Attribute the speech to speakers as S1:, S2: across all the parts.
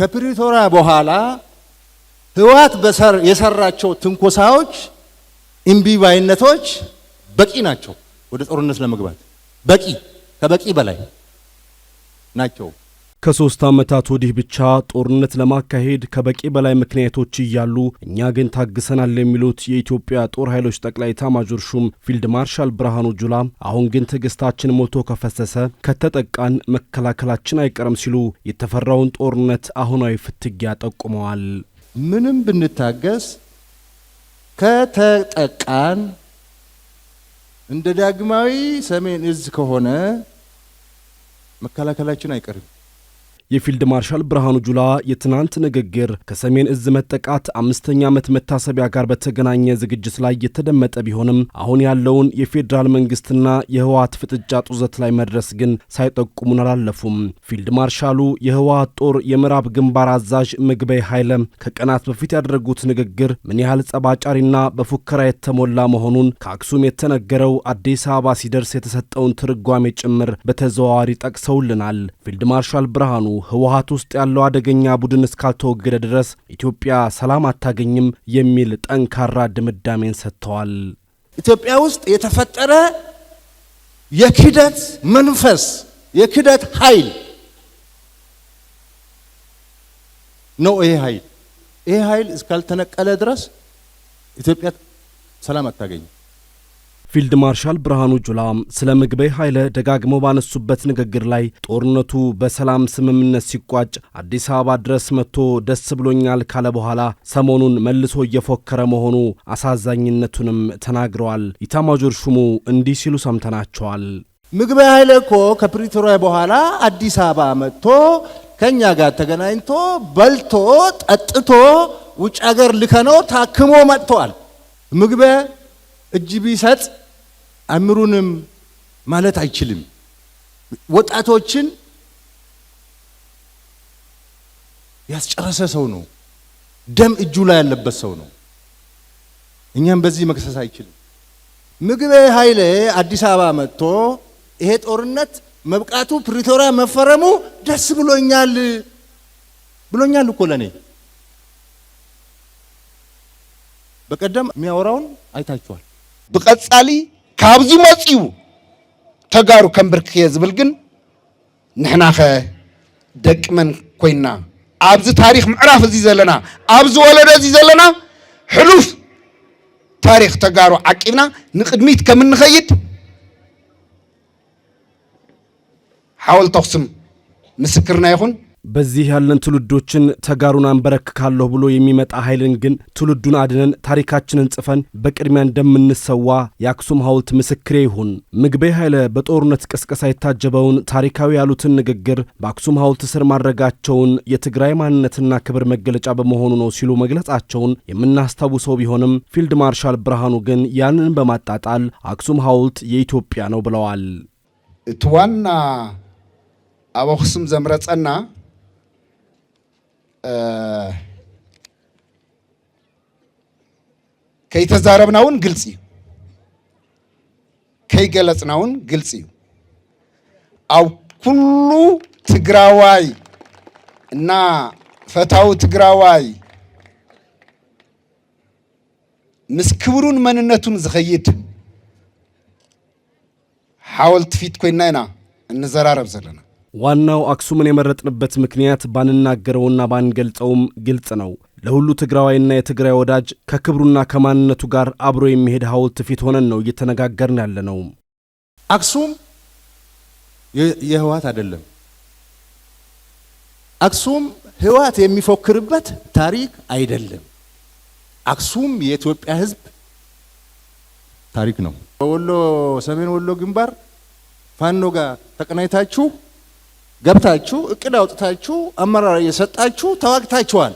S1: ከፕሪቶሪያ በኋላ ህወሓት የሰራቸው ትንኮሳዎች፣ እምቢባይነቶች በቂ ናቸው። ወደ ጦርነት ለመግባት በቂ ከበቂ በላይ ናቸው።
S2: ከሶስት ዓመታት ወዲህ ብቻ ጦርነት ለማካሄድ ከበቂ በላይ ምክንያቶች እያሉ እኛ ግን ታግሰናል የሚሉት የኢትዮጵያ ጦር ኃይሎች ጠቅላይ ኤታማዦር ሹም ፊልድ ማርሻል ብርሃኑ ጁላ አሁን ግን ትዕግስታችን ሞልቶ ከፈሰሰ ከተጠቃን መከላከላችን አይቀርም ሲሉ የተፈራውን ጦርነት አሁናዊ ፍትጊያ ጠቁመዋል።
S1: ምንም ብንታገስ ከተጠቃን እንደ ዳግማዊ ሰሜን እዝ ከሆነ መከላከላችን አይቀርም።
S2: የፊልድ ማርሻል ብርሃኑ ጁላ የትናንት ንግግር ከሰሜን እዝ መጠቃት አምስተኛ ዓመት መታሰቢያ ጋር በተገናኘ ዝግጅት ላይ የተደመጠ ቢሆንም አሁን ያለውን የፌዴራል መንግስትና የህወሀት ፍጥጫ ጡዘት ላይ መድረስ ግን ሳይጠቁሙን አላለፉም። ፊልድ ማርሻሉ የህወሀት ጦር የምዕራብ ግንባር አዛዥ ምግበይ ኃይለ ከቀናት በፊት ያደረጉት ንግግር ምን ያህል ጸባጫሪና በፉከራ የተሞላ መሆኑን ከአክሱም የተነገረው አዲስ አበባ ሲደርስ የተሰጠውን ትርጓሜ ጭምር በተዘዋዋሪ ጠቅሰውልናል። ፊልድ ማርሻል ብርሃኑ ህወሀት ውስጥ ያለው አደገኛ ቡድን እስካልተወገደ ድረስ ኢትዮጵያ ሰላም አታገኝም የሚል ጠንካራ ድምዳሜን ሰጥተዋል።
S1: ኢትዮጵያ ውስጥ የተፈጠረ የክደት መንፈስ፣ የክደት ኃይል ነው። ይሄ ኃይል ይሄ ኃይል እስካልተነቀለ ድረስ ኢትዮጵያ ሰላም አታገኝም።
S2: ፊልድ ማርሻል ብርሃኑ ጁላ ስለ ምግበይ ኃይለ ደጋግመው ባነሱበት ንግግር ላይ ጦርነቱ በሰላም ስምምነት ሲቋጭ አዲስ አበባ ድረስ መጥቶ ደስ ብሎኛል ካለ በኋላ ሰሞኑን መልሶ እየፎከረ መሆኑ አሳዛኝነቱንም ተናግረዋል። ኢታማጆር ሹሙ እንዲህ ሲሉ ሰምተናቸዋል።
S1: ምግበይ ኃይለ እኮ ከፕሪቶሪያ በኋላ አዲስ አበባ መጥቶ ከእኛ ጋር ተገናኝቶ በልቶ ጠጥቶ ውጭ ሀገር ልከነው ታክሞ መጥተዋል። ምግበይ እጅ ቢሰጥ አምሩንም ማለት አይችልም። ወጣቶችን ያስጨረሰ ሰው ነው። ደም እጁ ላይ ያለበት ሰው ነው። እኛም በዚህ መክሰስ አይችልም። ምግበ ኃይሌ አዲስ አበባ መጥቶ ይሄ ጦርነት መብቃቱ ፕሪቶሪያ መፈረሙ ደስ ብሎኛል ብሎኛል እኮ ለእኔ። በቀደም የሚያወራውን አይታችኋል። ብቀጻሊ ካብዚ መፂኡ ተጋሩ ከም ብርክየ ዝብል ግን ንሕና ኸ ደቂ መን ኣብዚ ታሪክ ምዕራፍ እዚ ዘለና ኣብዚ ወለዶ እዚ ዘለና ሕሉፍ ታሪክ ተጋሩ ዓቂብና ንቅድሚት ከም እንኸይድ ሓወልቲ ኣኽሱም ምስክርና ይኹን
S2: በዚህ ያለን ትውልዶችን ተጋሩን አንበረክካለሁ ብሎ የሚመጣ ኃይልን ግን ትውልዱን አድነን ታሪካችንን ጽፈን በቅድሚያ እንደምንሰዋ የአክሱም ሐውልት ምስክሬ ይሁን። ምግቤ ኃይለ በጦርነት ቅስቀሳ የታጀበውን ታሪካዊ ያሉትን ንግግር በአክሱም ሐውልት ስር ማድረጋቸውን የትግራይ ማንነትና ክብር መገለጫ በመሆኑ ነው ሲሉ መግለጻቸውን የምናስታውሰው ቢሆንም ፊልድ ማርሻል ብርሃኑ ግን ያንን በማጣጣል አክሱም ሐውልት የኢትዮጵያ ነው ብለዋል።
S1: እቲ ዋና ኣብ ኣክሱም ዘምረፀና ከይተዛረብናውን ግልጽ እዩ ከይገለጽናውን ግልጽ እዩ ኣብ ኩሉ ትግራዋይ እና ፈታዊ ትግራዋይ ምስ ክብሩን መንነቱን ዝኸይድ ሓወልቲ ፊት ኮይና ኢና እንዘራረብ ዘለና
S2: ዋናው አክሱምን የመረጥንበት ምክንያት ባንናገረውና ባንገልጸውም ግልጽ ነው። ለሁሉ ትግራዋይና የትግራይ ወዳጅ ከክብሩና ከማንነቱ ጋር አብሮ የሚሄድ ሐውልት ፊት ሆነን ነው እየተነጋገርን ያለ ነው።
S1: አክሱም የህወሓት አይደለም። አክሱም ህወሓት የሚፎክርበት ታሪክ አይደለም። አክሱም የኢትዮጵያ ህዝብ ታሪክ ነው። በወሎ ሰሜን ወሎ ግንባር ፋኖ ጋር ተቀናይታችሁ ገብታችሁ እቅድ አውጥታችሁ አመራር እየሰጣችሁ ተዋግታችኋል፣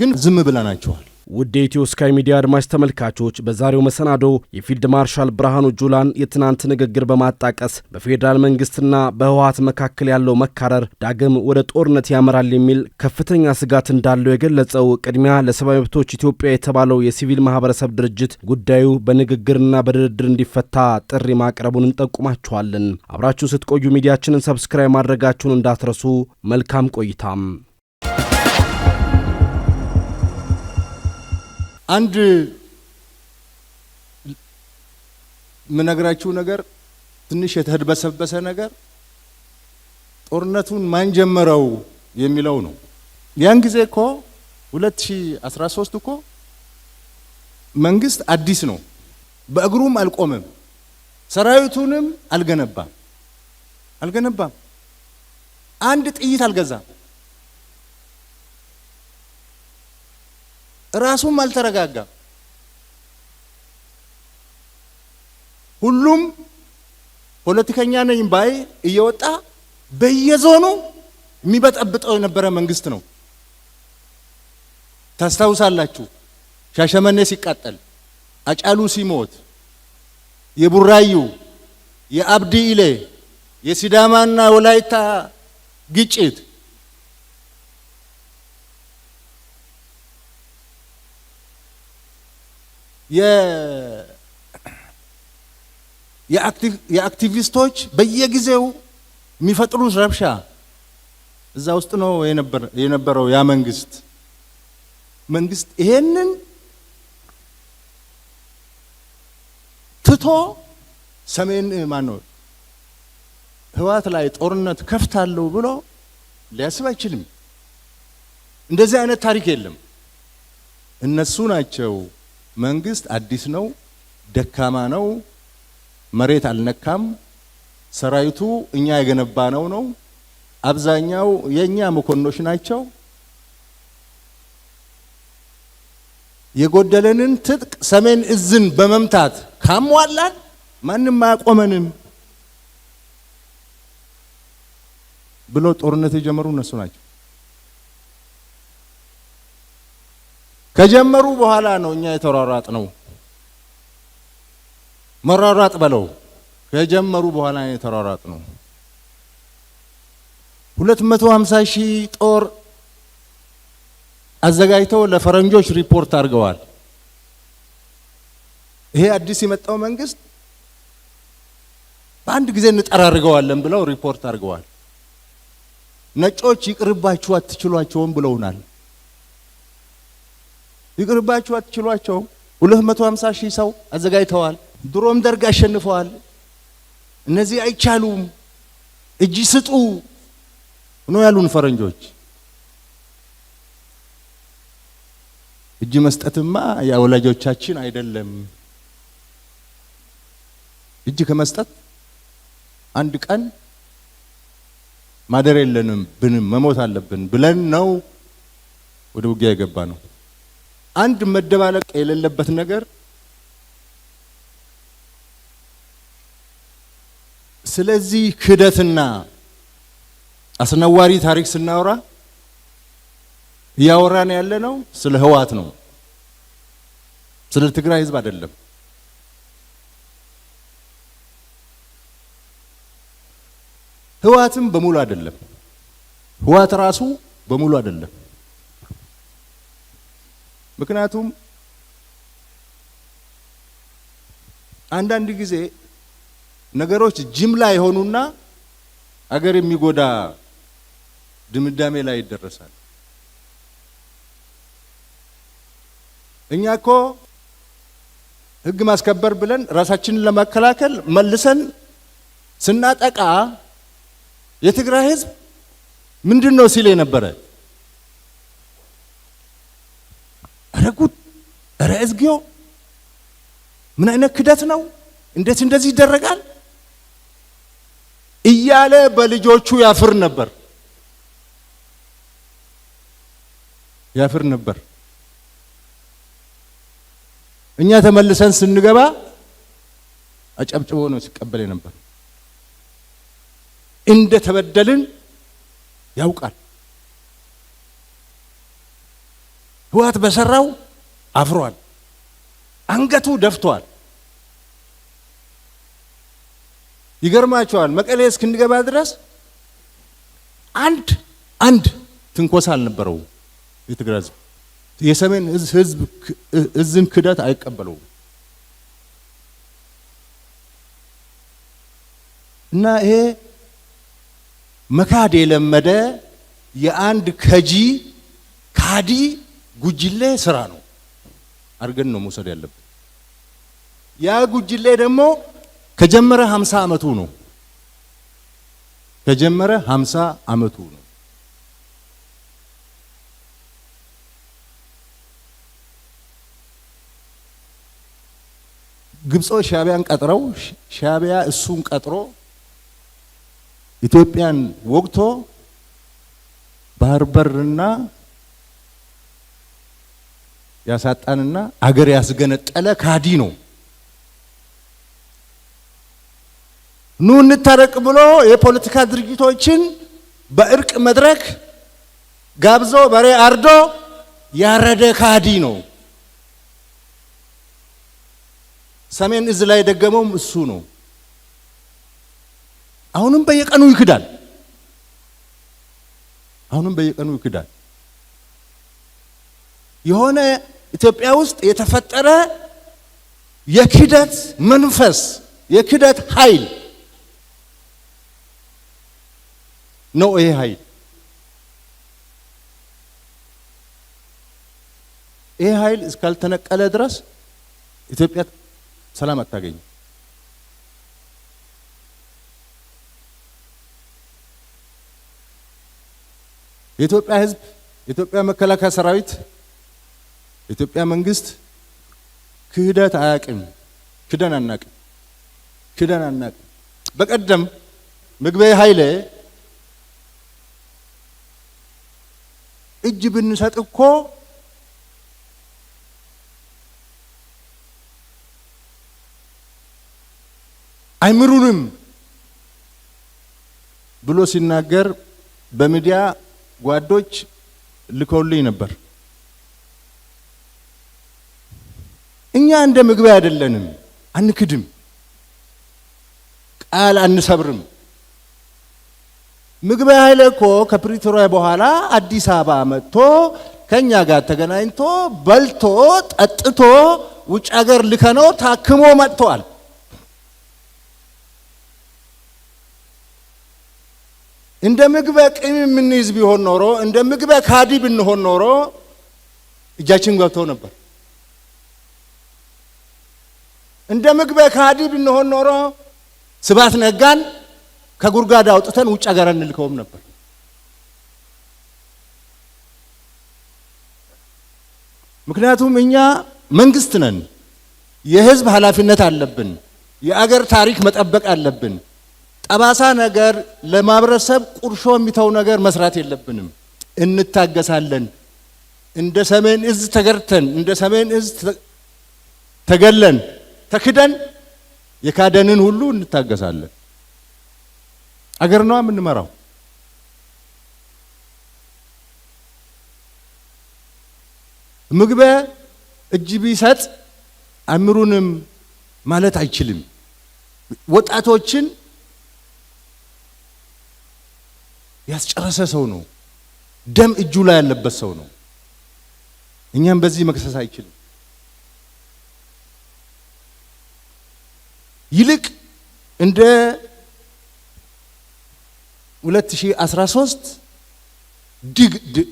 S1: ግን ዝም ብለናችኋል።
S2: ውድ የኢትዮ ስካይ ሚዲያ አድማጭ ተመልካቾች በዛሬው መሰናዶ የፊልድ ማርሻል ብርሃኑ ጁላን የትናንት ንግግር በማጣቀስ በፌዴራል መንግስትና በህወሀት መካከል ያለው መካረር ዳግም ወደ ጦርነት ያመራል የሚል ከፍተኛ ስጋት እንዳለው የገለጸው ቅድሚያ ለሰብአዊ መብቶች ኢትዮጵያ የተባለው የሲቪል ማህበረሰብ ድርጅት ጉዳዩ በንግግርና በድርድር እንዲፈታ ጥሪ ማቅረቡን እንጠቁማችኋለን። አብራችሁን ስትቆዩ ሚዲያችንን ሰብስክራይብ ማድረጋችሁን እንዳትረሱ። መልካም ቆይታም
S1: አንድ የምነግራችሁ ነገር ትንሽ የተድበሰበሰ ነገር ጦርነቱን ማን ጀመረው የሚለው ነው። ያን ጊዜ እኮ 2013 እኮ መንግስት አዲስ ነው። በእግሩም አልቆምም፣ ሰራዊቱንም አልገነባም አልገነባም፣ አንድ ጥይት አልገዛም። ራሱም አልተረጋጋም። ሁሉም ፖለቲከኛ ነኝ ባይ እየወጣ በየዞኑ የሚበጠብጠው የነበረ መንግስት ነው። ታስታውሳላችሁ፣ ሻሸመኔ ሲቃጠል፣ አጫሉ ሲሞት፣ የቡራዩ የአብዲ ኢሌ የሲዳማና ወላይታ ግጭት የአክቲቪስቶች በየጊዜው የሚፈጥሩት ረብሻ እዛ ውስጥ ነው የነበረው። ያ መንግስት መንግስት ይሄንን ትቶ ሰሜን ማነው ህዋት ላይ ጦርነት ከፍታለሁ ብሎ ሊያስብ አይችልም። እንደዚህ አይነት ታሪክ የለም። እነሱ ናቸው መንግስት አዲስ ነው፣ ደካማ ነው፣ መሬት አልነካም፣ ሰራዊቱ እኛ የገነባ ነው ነው፣ አብዛኛው የእኛ መኮንኖች ናቸው፣ የጎደለንን ትጥቅ ሰሜን እዝን በመምታት ካሟላን ማንም አያቆመንም ብሎ ጦርነት የጀመሩ እነሱ ናቸው። ከጀመሩ በኋላ ነው እኛ የተሯሯጥ ነው። መሯሯጥ በለው ከጀመሩ በኋላ ነው የተሯሯጥ ነው። ሁለት ሺህ ጦር አዘጋጅተው ለፈረንጆች ሪፖርት አድርገዋል። ይሄ አዲስ የመጣው መንግስት በአንድ ጊዜ እንጠራርገዋለን ብለው ሪፖርት አድርገዋል። ነጮች ይቅርባችሁ አትችሏቸውም ብለውናል። ይቅርባችሁ፣ አትችሏቸውም። 250 ሺህ ሰው አዘጋጅተዋል። ድሮም ደርግ አሸንፈዋል። እነዚህ አይቻሉም፣ እጅ ስጡ ነው ያሉን ፈረንጆች። እጅ መስጠትማ የወላጆቻችን አይደለም። እጅ ከመስጠት አንድ ቀን ማደር የለንም ብንም መሞት አለብን ብለን ነው ወደ ውጊያ የገባ ነው። አንድ መደባለቅ የሌለበት ነገር ስለዚህ ክህደትና አስነዋሪ ታሪክ ስናወራ እያወራን ያለ ነው ስለ ህወሓት ነው፣ ስለ ትግራይ ህዝብ አይደለም። ህወሓትም በሙሉ አይደለም፣ ህወሓት ራሱ በሙሉ አይደለም። ምክንያቱም አንዳንድ ጊዜ ነገሮች ጅምላ የሆኑና አገር የሚጎዳ ድምዳሜ ላይ ይደረሳል። እኛ እኮ ሕግ ማስከበር ብለን ራሳችንን ለመከላከል መልሰን ስናጠቃ የትግራይ ሕዝብ ምንድን ነው ሲል የነበረ ያደረጉት? እረ እዝጊዮ ምን አይነት ክደት ነው? እንዴት እንደዚህ ይደረጋል? እያለ በልጆቹ ያፍር ነበር ያፍር ነበር። እኛ ተመልሰን ስንገባ አጨብጭቦ ነው ሲቀበል ነበር። እንደ ተበደልን ያውቃል። ህወሓት በሰራው አፍሯል፣ አንገቱ ደፍቷል። ይገርማቸዋል። መቀሌ እስክንገባ ድረስ አንድ አንድ ትንኮሳ አልነበረው። የትግራይ ህዝብ የሰሜን ህዝብ እዝን ክደት አይቀበለው። እና ይሄ መካድ የለመደ የአንድ ከጂ ካዲ ጉጅሌ ስራ ነው አድርገን ነው መውሰድ ያለብን። ያ ጉጅሌ ደግሞ ከጀመረ 50 ዓመቱ ነው። ከጀመረ 50 ዓመቱ ነው። ግብጾች ሻቢያን ቀጥረው ሻቢያ እሱን ቀጥሮ ኢትዮጵያን ወግቶ ባህር በርና ያሳጣንና አገር ያስገነጠለ ካዲ ነው። ኑ እንታረቅ ብሎ የፖለቲካ ድርጅቶችን በእርቅ መድረክ ጋብዞ በሬ አርዶ ያረደ ካዲ ነው። ሰሜን እዝ ላይ ደገመውም እሱ ነው። አሁንም በየቀኑ ይክዳል። አሁንም በየቀኑ ይክዳል የሆነ ኢትዮጵያ ውስጥ የተፈጠረ የክደት መንፈስ የክደት ኃይል ነው። ይሄ ኃይል ይሄ ኃይል እስካልተነቀለ ድረስ ኢትዮጵያ ሰላም አታገኝም። የኢትዮጵያ ሕዝብ የኢትዮጵያ መከላከያ ሰራዊት የኢትዮጵያ መንግስት ክህደት አያቅም። ክደን አናቅ ክደን አናቅ። በቀደም ምግበይ ኃይሌ እጅ ብንሰጥ እኮ አይምሩንም ብሎ ሲናገር በሚዲያ ጓዶች ልከውልኝ ነበር። እኛ እንደ ምግብ አይደለንም፣ አንክድም፣ ቃል አንሰብርም። ምግብ ኃይለ እኮ ከፕሪቶሪያ በኋላ አዲስ አበባ መጥቶ ከእኛ ጋር ተገናኝቶ በልቶ ጠጥቶ ውጭ ሀገር ልከነው ታክሞ መጥተዋል። እንደ ምግበ ቂም የምንይዝ ቢሆን ኖሮ እንደ ምግበ ካዲ ብንሆን ኖሮ እጃችን ገብተው ነበር። እንደ ምግበ ካዲ ብንሆን ኖሮ ስብሐት ነጋን ከጉድጓድ አውጥተን ውጭ ሀገር እንልከውም ነበር። ምክንያቱም እኛ መንግስት ነን። የህዝብ ኃላፊነት አለብን። የአገር ታሪክ መጠበቅ አለብን። ጠባሳ ነገር ለማህበረሰብ ቁርሾ የሚተው ነገር መስራት የለብንም። እንታገሳለን። እንደ ሰሜን እዝ ተገርተን እንደ ሰሜን እዝ ተገለን ተክደን የካደንን ሁሉ እንታገሳለን። አገር ነዋ የምንመራው። ምግበ እጅ ቢሰጥ አእምሩንም ማለት አይችልም። ወጣቶችን ያስጨረሰ ሰው ነው። ደም እጁ ላይ ያለበት ሰው ነው። እኛም በዚህ መክሰስ አይችልም። ይልቅ እንደ 2013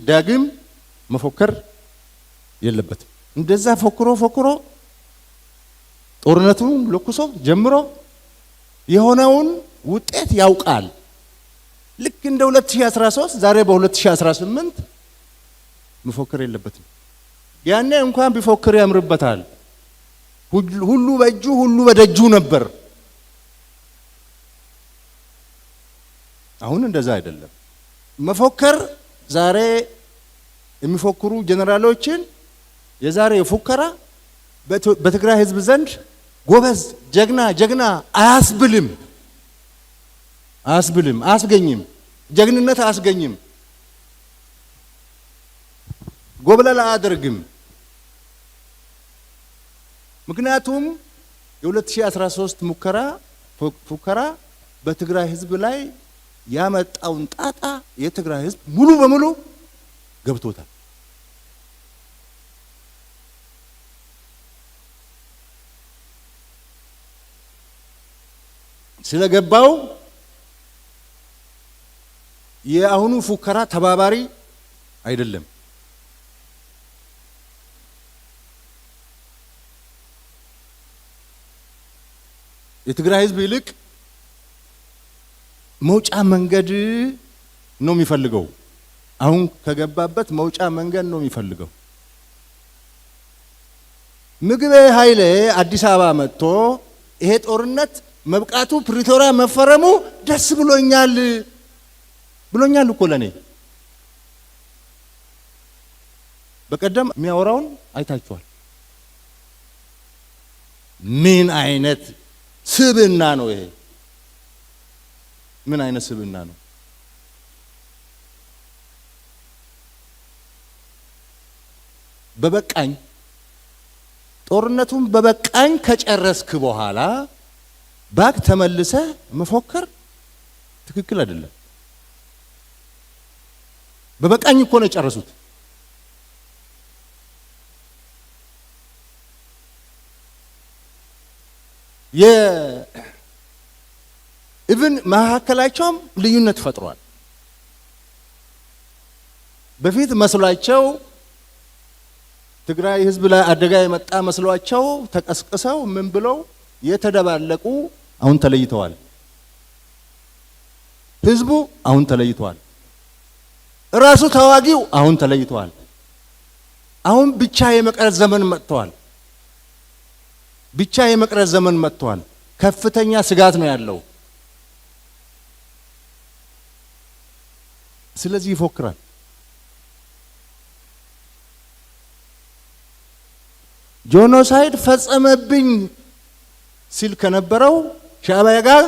S1: ዳግም መፎከር የለበትም። እንደዛ ፎክሮ ፎክሮ ጦርነቱን ለኩሶ ጀምሮ የሆነውን ውጤት ያውቃል። ልክ እንደ 2013 ዛሬ በ2018 መፎከር የለበትም። ያኔ እንኳን ቢፎክር ያምርበታል። ሁሉ በእጁ ሁሉ በደጁ ነበር። አሁን እንደዛ አይደለም። መፎከር ዛሬ የሚፎክሩ ጀነራሎችን የዛሬ የፉከራ በትግራይ ህዝብ ዘንድ ጎበዝ፣ ጀግና፣ ጀግና አያስብልም፣ አያስብልም፣ አያስገኝም፣ ጀግንነት አያስገኝም፣ ጎብለል አያደርግም። ምክንያቱም የ2013 ሙከራ ፉከራ በትግራይ ህዝብ ላይ ያመጣውን ጣጣ የትግራይ ህዝብ ሙሉ በሙሉ ገብቶታል። ስለገባው የአሁኑ ፉከራ ተባባሪ አይደለም። የትግራይ ህዝብ ይልቅ መውጫ መንገድ ነው የሚፈልገው። አሁን ከገባበት መውጫ መንገድ ነው የሚፈልገው። ምግቤ ኃይሌ አዲስ አበባ መጥቶ ይሄ ጦርነት መብቃቱ ፕሪቶሪያ መፈረሙ ደስ ብሎኛል ብሎኛል እኮ ለእኔ። በቀደም የሚያወራውን አይታችኋል። ምን አይነት ስብና ነው ይሄ። ምን አይነት ስብና ነው? በበቃኝ ጦርነቱን በበቃኝ ከጨረስክ በኋላ ባክ ተመልሰ መፎከር ትክክል አይደለም። በበቃኝ እኮ ነው የጨረሱት። የእብን መካከላቸውም ልዩነት ፈጥሯል። በፊት መስሏቸው ትግራይ ህዝብ ላይ አደጋ የመጣ መስሏቸው ተቀስቅሰው ምን ብለው የተደባለቁ አሁን ተለይተዋል። ህዝቡ አሁን ተለይተዋል። እራሱ ተዋጊው አሁን ተለይተዋል። አሁን ብቻ የመቀረት ዘመን መጥተዋል። ብቻ የመቅረት ዘመን መጥቷል። ከፍተኛ ስጋት ነው ያለው። ስለዚህ ይፎክራል። ጆኖሳይድ ፈጸመብኝ ሲል ከነበረው ሻዕቢያ ጋር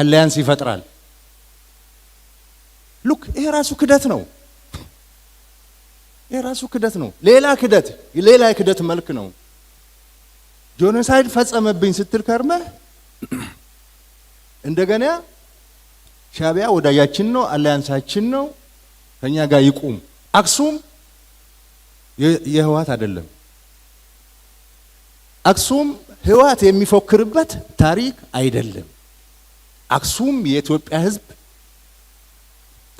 S1: አሊያንስ ይፈጥራል። ሉክ ይሄ ራሱ ክደት ነው። ይሄ ራሱ ክደት ነው። ሌላ ክደት፣ ሌላ የክደት መልክ ነው። ጆኖሳይድ ፈጸመብኝ ስትል ከርመህ እንደገና ሻቢያ ወዳጃችን ነው፣ አላያንሳችን ነው፣ ከኛ ጋር ይቁም። አክሱም የህወሓት አይደለም። አክሱም ህወሓት የሚፎክርበት ታሪክ አይደለም። አክሱም የኢትዮጵያ ህዝብ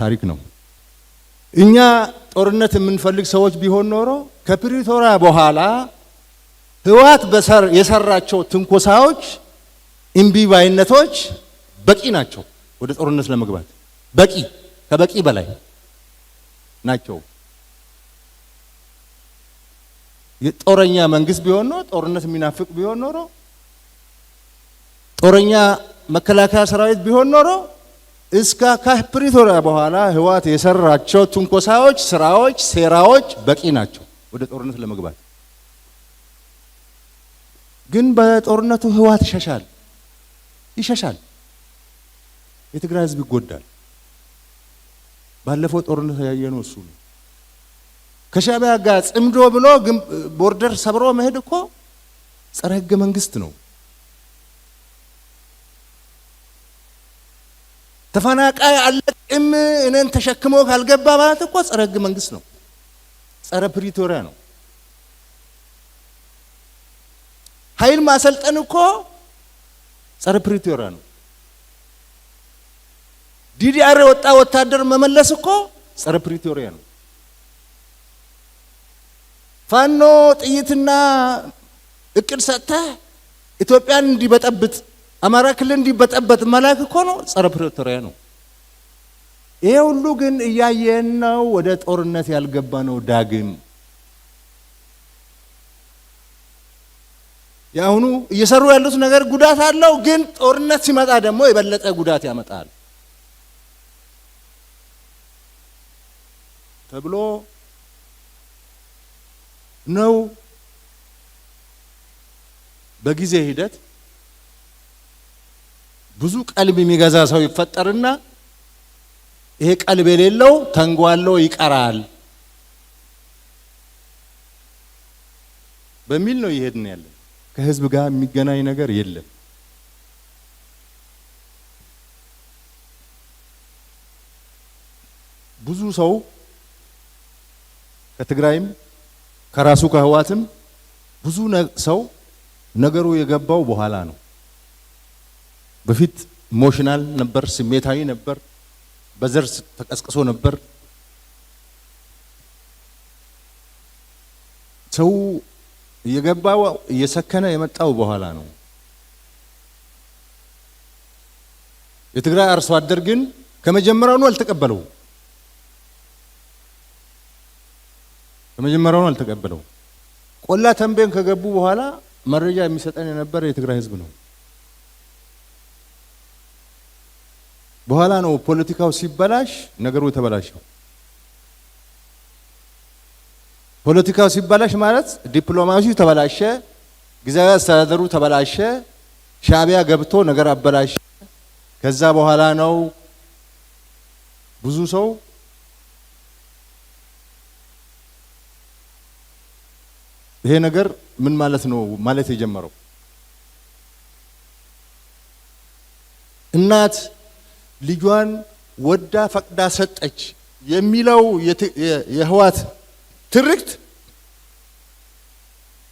S1: ታሪክ ነው። እኛ ጦርነት የምንፈልግ ሰዎች ቢሆን ኖሮ ከፕሪቶሪያ በኋላ ህወሓት የሰራቸው ትንኮሳዎች፣ እምቢባይነቶች በቂ ናቸው ወደ ጦርነት ለመግባት በቂ ከበቂ በላይ ናቸው። የጦረኛ መንግስት ቢሆን ኖሮ ጦርነት የሚናፍቅ ቢሆን ኖሮ ጦረኛ መከላከያ ሰራዊት ቢሆን ኖሮ እስከ ከፕሪቶሪያ በኋላ ህወሓት የሰራቸው ትንኮሳዎች፣ ስራዎች፣ ሴራዎች በቂ ናቸው ወደ ጦርነት ለመግባት ግን በጦርነቱ ህወሓት ይሸሻል ይሸሻል። የትግራይ ህዝብ ይጎዳል። ባለፈው ጦርነት ያየነው እሱ ነው። ከሻቢያ ጋር ጽምዶ ብሎ ቦርደር ሰብሮ መሄድ እኮ ጸረ ህገ መንግስት ነው። ተፈናቃይ አለቅም እኔን ተሸክሞ ካልገባ ማለት እኮ ጸረ ህገ መንግስት ነው። ጸረ ፕሪቶሪያ ነው። ኃይል ማሰልጠን እኮ ጸረ ፕሪቶሪያ ነው። ዲዲአር የወጣ ወታደር መመለስ እኮ ጸረ ፕሪቶሪያ ነው። ፋኖ ጥይትና እቅድ ሰጥተህ ኢትዮጵያን እንዲበጠብጥ አማራ ክልል እንዲበጠበጥ መላክ እኮ ነው፣ ጸረ ፕሪቶሪያ ነው። ይሄ ሁሉ ግን እያየን ነው፣ ወደ ጦርነት ያልገባ ነው ዳግም የአሁኑ እየሰሩ ያሉት ነገር ጉዳት አለው፣ ግን ጦርነት ሲመጣ ደግሞ የበለጠ ጉዳት ያመጣል ተብሎ ነው በጊዜ ሂደት ብዙ ቀልብ የሚገዛ ሰው ይፈጠርና ይሄ ቀልብ የሌለው ተንጓሎ ይቀራል በሚል ነው ይሄድን ያለን። ከህዝብ ጋር የሚገናኝ ነገር የለም። ብዙ ሰው ከትግራይም ከራሱ ከህዋትም ብዙ ሰው ነገሩ የገባው በኋላ ነው። በፊት ኢሞሽናል ነበር፣ ስሜታዊ ነበር፣ በዘር ተቀስቅሶ ነበር ሰው እየገባው እየሰከነ የመጣው በኋላ ነው። የትግራይ አርሶ አደር ግን ከመጀመሪያውኑ አልተቀበለው ከመጀመሪያውኑ አልተቀበለው። ቆላ ተንቤን ከገቡ በኋላ መረጃ የሚሰጠን የነበረ የትግራይ ህዝብ ነው። በኋላ ነው ፖለቲካው ሲበላሽ ነገሩ የተበላሸው። ፖለቲካው ሲበላሽ ማለት ዲፕሎማሲው ተበላሸ፣ ጊዜያዊ አስተዳደሩ ተበላሸ፣ ሻቢያ ገብቶ ነገር አበላሸ። ከዛ በኋላ ነው ብዙ ሰው ይሄ ነገር ምን ማለት ነው ማለት የጀመረው። እናት ልጇን ወዳ ፈቅዳ ሰጠች የሚለው የህዋት ትርክት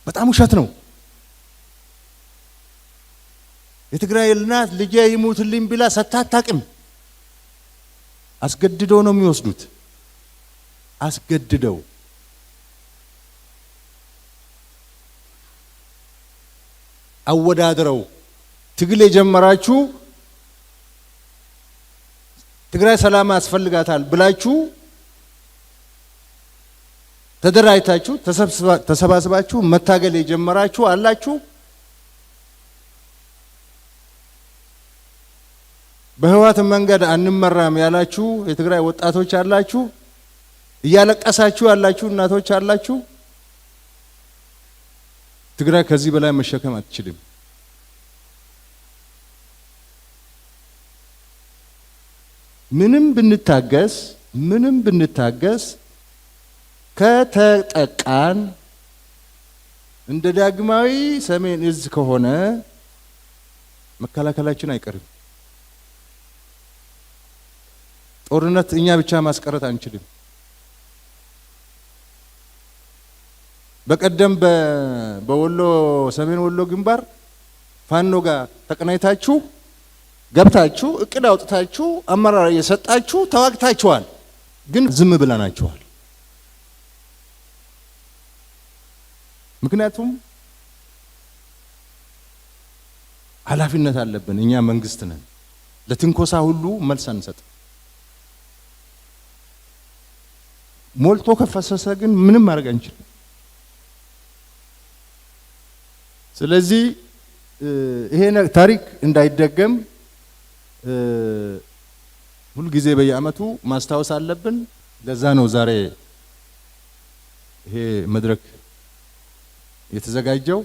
S1: በጣም ውሸት ነው። የትግራይ እናት ልጄ ይሙትልኝ ብላ ሰታታቅም አስገድደው ነው የሚወስዱት። አስገድደው አወዳድረው ትግል የጀመራችሁ ትግራይ ሰላም ያስፈልጋታል ብላችሁ ተደራጅታችሁ ተሰባስባችሁ መታገል የጀመራችሁ አላችሁ። በህወሓት መንገድ አንመራም ያላችሁ የትግራይ ወጣቶች አላችሁ። እያለቀሳችሁ ያላችሁ እናቶች አላችሁ። ትግራይ ከዚህ በላይ መሸከም አትችልም። ምንም ብንታገስ ምንም ብንታገስ ከተጠቃን እንደ ዳግማዊ ሰሜን እዝ ከሆነ መከላከላችን አይቀርም። ጦርነት እኛ ብቻ ማስቀረት አንችልም። በቀደም በወሎ ሰሜን ወሎ ግንባር ፋኖ ጋር ተቀናይታችሁ ገብታችሁ እቅድ አውጥታችሁ አመራር እየሰጣችሁ ተዋግታችኋል፣ ግን ዝም ብለናችኋል። ምክንያቱም ኃላፊነት አለብን። እኛ መንግስት ነን። ለትንኮሳ ሁሉ መልስ አንሰጥ። ሞልቶ ከፈሰሰ ግን ምንም ማድረግ አንችልም። ስለዚህ ይሄ ታሪክ እንዳይደገም ሁልጊዜ በየአመቱ ማስታወስ አለብን። ለዛ ነው ዛሬ ይሄ መድረክ የተዘጋጀው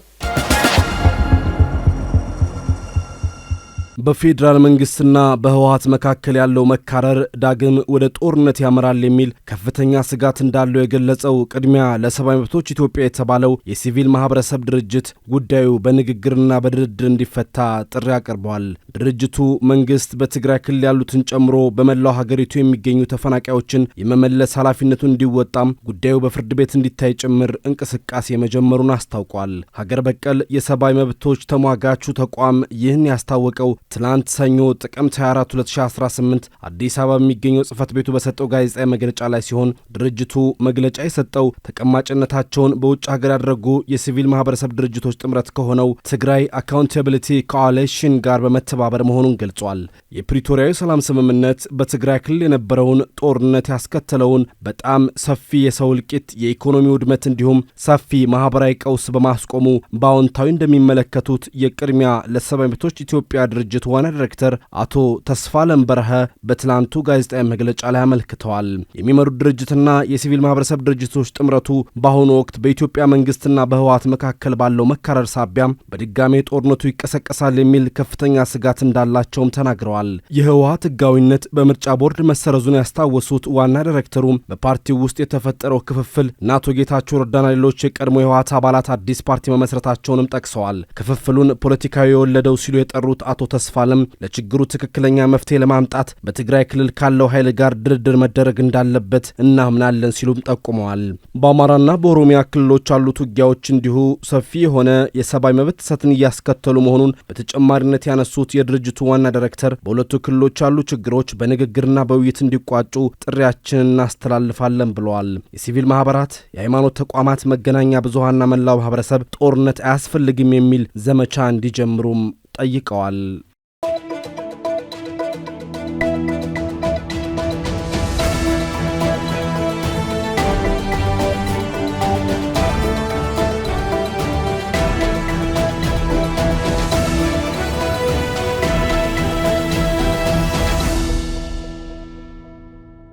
S2: በፌዴራል መንግስትና በህወሀት መካከል ያለው መካረር ዳግም ወደ ጦርነት ያመራል የሚል ከፍተኛ ስጋት እንዳለው የገለጸው ቅድሚያ ለሰብአዊ መብቶች ኢትዮጵያ የተባለው የሲቪል ማህበረሰብ ድርጅት ጉዳዩ በንግግርና በድርድር እንዲፈታ ጥሪ አቅርበዋል። ድርጅቱ መንግስት በትግራይ ክልል ያሉትን ጨምሮ በመላው ሀገሪቱ የሚገኙ ተፈናቃዮችን የመመለስ ኃላፊነቱን እንዲወጣም ጉዳዩ በፍርድ ቤት እንዲታይ ጭምር እንቅስቃሴ መጀመሩን አስታውቋል። ሀገር በቀል የሰብአዊ መብቶች ተሟጋቹ ተቋም ይህን ያስታወቀው ትናንት ሰኞ ጥቅምት 24 2018 አዲስ አበባ የሚገኘው ጽህፈት ቤቱ በሰጠው ጋዜጣዊ መግለጫ ላይ ሲሆን ድርጅቱ መግለጫ የሰጠው ተቀማጭነታቸውን በውጭ ሀገር ያደረጉ የሲቪል ማህበረሰብ ድርጅቶች ጥምረት ከሆነው ትግራይ አካውንታብሊቲ ኮአሊሽን ጋር በመተባበር መሆኑን ገልጿል። የፕሪቶሪያዊ ሰላም ስምምነት በትግራይ ክልል የነበረውን ጦርነት ያስከተለውን በጣም ሰፊ የሰው እልቂት፣ የኢኮኖሚ ውድመት እንዲሁም ሰፊ ማህበራዊ ቀውስ በማስቆሙ በአዎንታዊ እንደሚመለከቱት የቅድሚያ ለሰብአዊ መብቶች ኢትዮጵያ ድርጅት ድርጅት ዋና ዲሬክተር አቶ ተስፋለም በርሀ በትላንቱ ጋዜጣዊ መግለጫ ላይ አመልክተዋል። የሚመሩት ድርጅትና የሲቪል ማህበረሰብ ድርጅቶች ጥምረቱ በአሁኑ ወቅት በኢትዮጵያ መንግስትና በህወሀት መካከል ባለው መካረር ሳቢያ በድጋሜ ጦርነቱ ይቀሰቀሳል የሚል ከፍተኛ ስጋት እንዳላቸውም ተናግረዋል። የህወሀት ህጋዊነት በምርጫ ቦርድ መሰረዙን ያስታወሱት ዋና ዲሬክተሩ በፓርቲው ውስጥ የተፈጠረው ክፍፍል እና አቶ ጌታቸው ረዳና ሌሎች የቀድሞ የህወሀት አባላት አዲስ ፓርቲ መመስረታቸውንም ጠቅሰዋል። ክፍፍሉን ፖለቲካዊ የወለደው ሲሉ የጠሩት አቶ ተስ አስፋለም ለችግሩ ትክክለኛ መፍትሄ ለማምጣት በትግራይ ክልል ካለው ኃይል ጋር ድርድር መደረግ እንዳለበት እናምናለን ሲሉም ጠቁመዋል። በአማራና በኦሮሚያ ክልሎች ያሉት ውጊያዎች እንዲሁ ሰፊ የሆነ የሰብአዊ መብት ጥሰትን እያስከተሉ መሆኑን በተጨማሪነት ያነሱት የድርጅቱ ዋና ዳይሬክተር በሁለቱ ክልሎች ያሉ ችግሮች በንግግርና በውይይት እንዲቋጩ ጥሪያችንን እናስተላልፋለን ብለዋል። የሲቪል ማህበራት፣ የሃይማኖት ተቋማት፣ መገናኛ ብዙሀንና መላው ማህበረሰብ ጦርነት አያስፈልግም የሚል ዘመቻ እንዲጀምሩም ጠይቀዋል።